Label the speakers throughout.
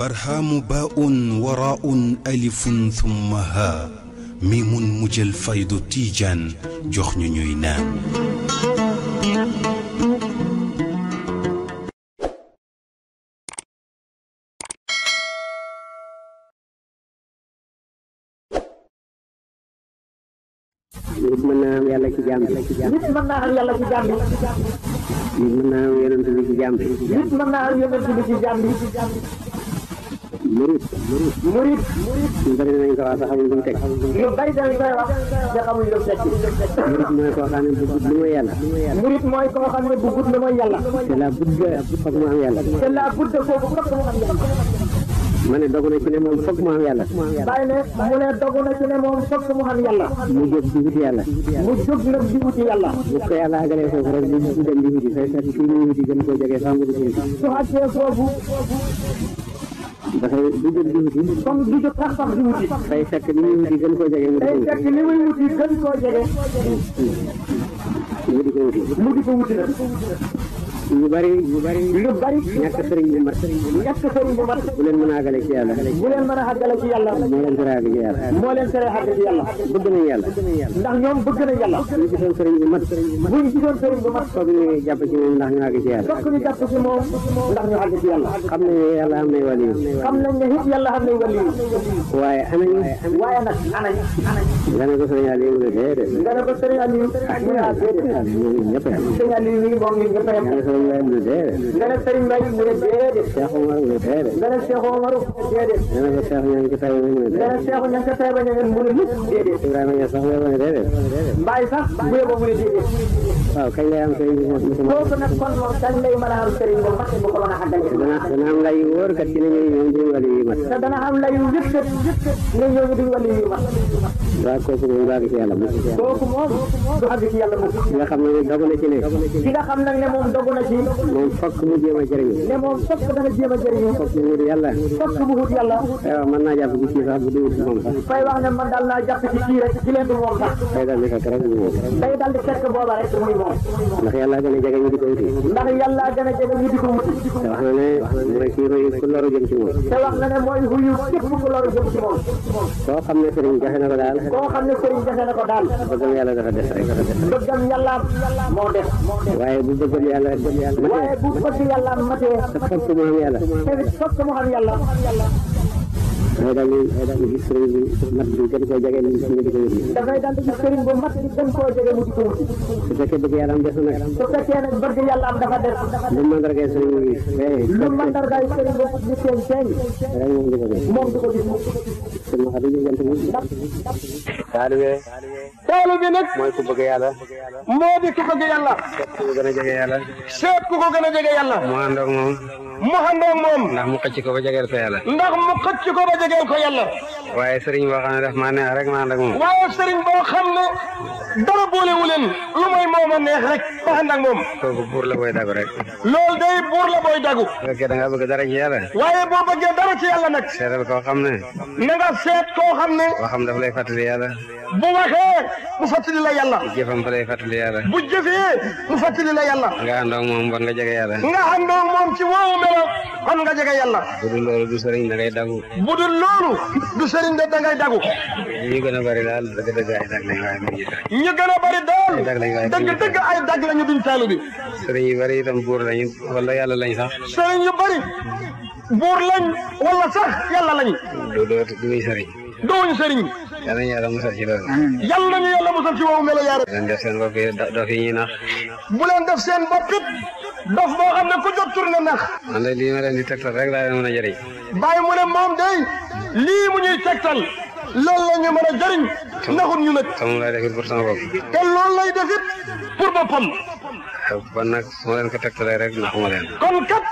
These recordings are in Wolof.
Speaker 1: برهام باء وراء ألف ثم هاء ميم مجلفيد تيجا جخن نينام
Speaker 2: murid murid ñu bari nañ ko wax xamul ñu teg ñu bari
Speaker 3: dañ koy wax nga xamul ñu teg murid mooy koo xam ne bëggut lu mooy yàlla murid mooy koo xam ne bëggut
Speaker 2: lu mooy yàlla te la budda foog mu am yàlla te
Speaker 3: la budda kooku foog mu am yàlla
Speaker 2: ma ne dogu na ci ne moom foog mu am yàlla
Speaker 3: bàyyi ne mu ne dogu na ci ne moom foog mu am yàlla
Speaker 2: mu jóg di wuti yàlla
Speaker 3: mu jóg nag di wuti yàlla
Speaker 2: bu ko yàlla agalee foofu rek di dem di wuti fay fekk kii muy wuti gën koo jege faamu di wuti
Speaker 3: su àggee foofu
Speaker 2: dafay du jóg di wuti. kon du jóg sax sax di wuti. day fekk li muy wuti gën koo jege mu di ko wuti. day fekk
Speaker 3: li muy wuti gën koo jege.
Speaker 2: mu di ko wuti. mu di ko wuti nag. ñu bari ñu bari lu bari ñàkk sëriñ bu mat
Speaker 3: ñàkk sëriñ bu mat
Speaker 2: bu leen mën a àggale ci yàlla bu leen mën a àggale ci yàlla moo leen tere àgg ci yàlla moo leen tere àgg ci yàlla bëgg nañ yàlla ndax ñoom bëgg nañ yàlla bu ñu gisoon sëriñ bu mat bu ñu gisoon sëriñ bu mat foog ñu jàpp ci moom ndax ñu àgg ci yàlla foog
Speaker 3: ñu jàpp ci moom ndax ñu
Speaker 2: àgg ci yàlla xam nañ ne yàlla am nay wàll yi
Speaker 3: xam nañ ne it yàlla am nay wàll yi waaye anañ waaye nag anañ
Speaker 2: nga ne ko sëriñ Aliou nga ne
Speaker 3: ko sëriñ Aliou ah, nga ne ko
Speaker 2: sëriñ
Speaker 3: Aliou ñëpp
Speaker 2: Serigne Mbaye mu ne déedéet.
Speaker 3: nga ne Serigne Mbaye mu ne déedéet.
Speaker 2: Cheikh Omar mu ne déedéet. nga
Speaker 3: ne Cheikh Omar mu ne déedéet. nga
Speaker 2: ne ko Cheikh ña nga ko Taïba mu ne déedéet. nga ne
Speaker 3: Cheikh ña nga ko Taïba ña nga mu ne mukk déedéet.
Speaker 2: Ibrahima Niass sax mu ne déedéet.
Speaker 3: Mbaye sax bu yeboo mu ne déedéet.
Speaker 2: waaw kañ lay am Serigne bi. kooku
Speaker 3: nag kon moom kañ lay mën a am Serigne ba fàtte bu ko mën a xàggalee. dana
Speaker 2: dana am lay wóor kat ci ne ñooñu ñoom duñ wàllu yu mat. te
Speaker 3: dana am layu yëpp yëpp nga ñooñu duñ wàllu yu mat.
Speaker 2: waaw kooku moom du àgg ci yàlla moom.
Speaker 3: kooku moom du àgg ci yàlla moom.
Speaker 2: ki nga xam ne dogu na ci ne. ki
Speaker 3: nga xam nag ne moom dogu na ci.
Speaker 2: moom fokk mu jéem a jëriñu.
Speaker 3: ne moom fokk dana jéem a jëriñu. fokk mu wut yàlla. fokk mu wut yàlla. tey
Speaker 2: wax mën naa jàpp ci kii sax bu dul moom sax.
Speaker 3: fay wax ne man daal naa jàpp ci kii rek di leen du moom sax.
Speaker 2: day daal di fekk rek muy moom.
Speaker 3: day daal di fekk booba rek muy moom.
Speaker 2: ndax yàlla gën a jege ñu di ko wuti.
Speaker 3: ndax yàlla gën a jege ñu di ko wuti.
Speaker 2: te wax na ne mooy kii ku loru jëm ci moom.
Speaker 3: te wax nga ne mooy wuyu képp ku loru jëm ci moom.
Speaker 2: koo xam ne sëriñ jafe na ko daal. koo xam ne sëriñ jafe na ko daal. bëggam yàlla dafa des rek dafa des.
Speaker 3: bëggam yàlla moo des.
Speaker 2: waaye bu bëggam yàlla rek. waaye
Speaker 3: bu bëgg yàlla matee.
Speaker 2: te fokk mu xam yàlla. te
Speaker 3: fokk mu xam yàlla.
Speaker 2: day daal di day daal di gis sëriñ bu mat bi gën koo jege mu gis mu di ko wut.
Speaker 3: dafay daal di gis sëriñ bu mat bi gën koo jege mu di ko wut.
Speaker 2: su fekkee bëgg yàlla am des na nag.
Speaker 3: su fekkee nag bëgg yàlla am dafa des.
Speaker 2: lu mandargaay sëriñ bi gis. lu eh,
Speaker 3: mandargaay sëriñ bu mat bi seen seen.
Speaker 2: rek moom du ko gis. moom du ko gis moom. sëriñ wax dëgg yàlla tamit. taalibe.
Speaker 1: taalibe nag. mooy ku bëgg yàlla. moo di ku bëgg yàlla. seet ku ko gën a jege yàlla. seet ku ko gën a jege yàlla. mu ànd ak moom. mu àndoon moom. ndax mu xëcc ko ba jegeel ko yàlla. ndax mu
Speaker 2: waaye sëriñ boo xam ne daf maa dara
Speaker 1: boolewu leen lu moom a neex rek ba ànd moom. kooku buur la booy dagu rek. loolu day buur la dagu. ok da dara ci yàlla. waaye seetal koo xam ne. na nga seet koo xam ne. waxam daf lay fàttali yàlla. bu mu fàttali yàlla. lay fàttali yàlla.
Speaker 2: nga àndoon moom bon nga jege yàlla. nga
Speaker 1: àndoon moom ci woowu boobu kon nga jege yàlla.
Speaker 2: budul loolu du sëriñ da ngay dagu.
Speaker 1: budul loolu du sëriñ da ngay dagu.
Speaker 2: ñu gën a bari daal dëgg-dëgg dag lañ a bari daal dëgg-dëgg
Speaker 1: ay dag lañu duñ taalu
Speaker 2: sëriñ bari itam buur lañu wala yàlla lañ sax.
Speaker 1: sëriñ yu bari buur lañ wala sax yàlla lañu. du du duñ sëriñ. duñ sëriñ. yal nañu yàlla musal ci loolu. yal nañu yàlla melo yaare. bu leen def seen bopp yi dof yi bu leen def seen bopp it xam ne ku jot tur na nax.
Speaker 2: man de lii ma rek laa leen mën a jëriñ.
Speaker 1: bàyyi mu ne moom day lii mu ñuy tegtal loolu la ñu mën a jëriñ. naxut ñu nag. te moom lay defit pour sama bopp. te nag
Speaker 2: su ma leen ko tegtalee rek naxuma leen.
Speaker 1: kon kat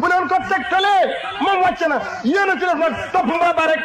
Speaker 1: bu ko tegtalee moom wàcc na yéen a ci def nag topp mbaa rek.